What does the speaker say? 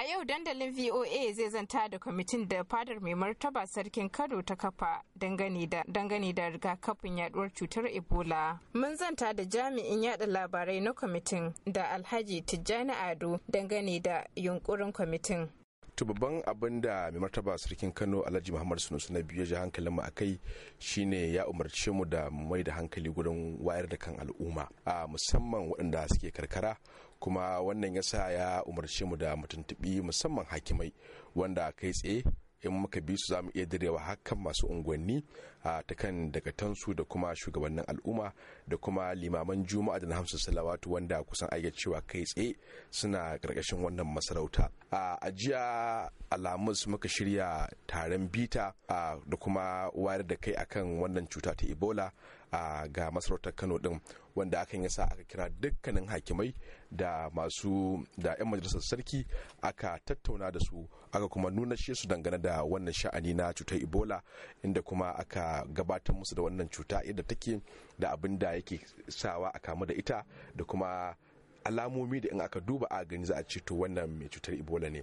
A yau dandalin VOA zai zanta da kwamitin da fadar mai martaba sarkin Kano ta kafa dangane da rigakafin yaduwar cutar Ebola. Mun zanta da jami'in yada labarai na kwamitin da Alhaji Tijjani Ado dangane da yunkurin kwamitin. to babban abin da mai martaba sarkin kano alhaji muhammad sunusu na biyu ya hankalin mu a kai shine ya umarce mu da mai da hankali gurin wayar da kan al'umma a musamman waɗanda suke karkara kuma wannan yasa ya umarce mu da mutuntubi musamman hakimai wanda kai tsaye in muka bi su za mu iya direwa hakan masu unguwanni a ta kan dakatansu da kuma shugabannin al'umma da kuma limaman juma'a da na hamsin salawatu wanda kusan ayyar cewa kai tsaye suna karkashin wannan masarauta a ajiya alamus muka shirya taron bita da kuma wayar da kai akan wannan cuta ta ebola ga masarautar kano din wanda akan yasa aka kira dukkanin hakimai da masu da 'yan majalisar sarki aka tattauna da su aka kuma nuna shi su dangane da wannan sha'ani na cutar ebola inda kuma aka gabatar musu da wannan cuta yadda take da abin da yake sawa a kamu da ita da kuma alamomi da in aka duba a gani za a ce to wannan mai cutar ibola ne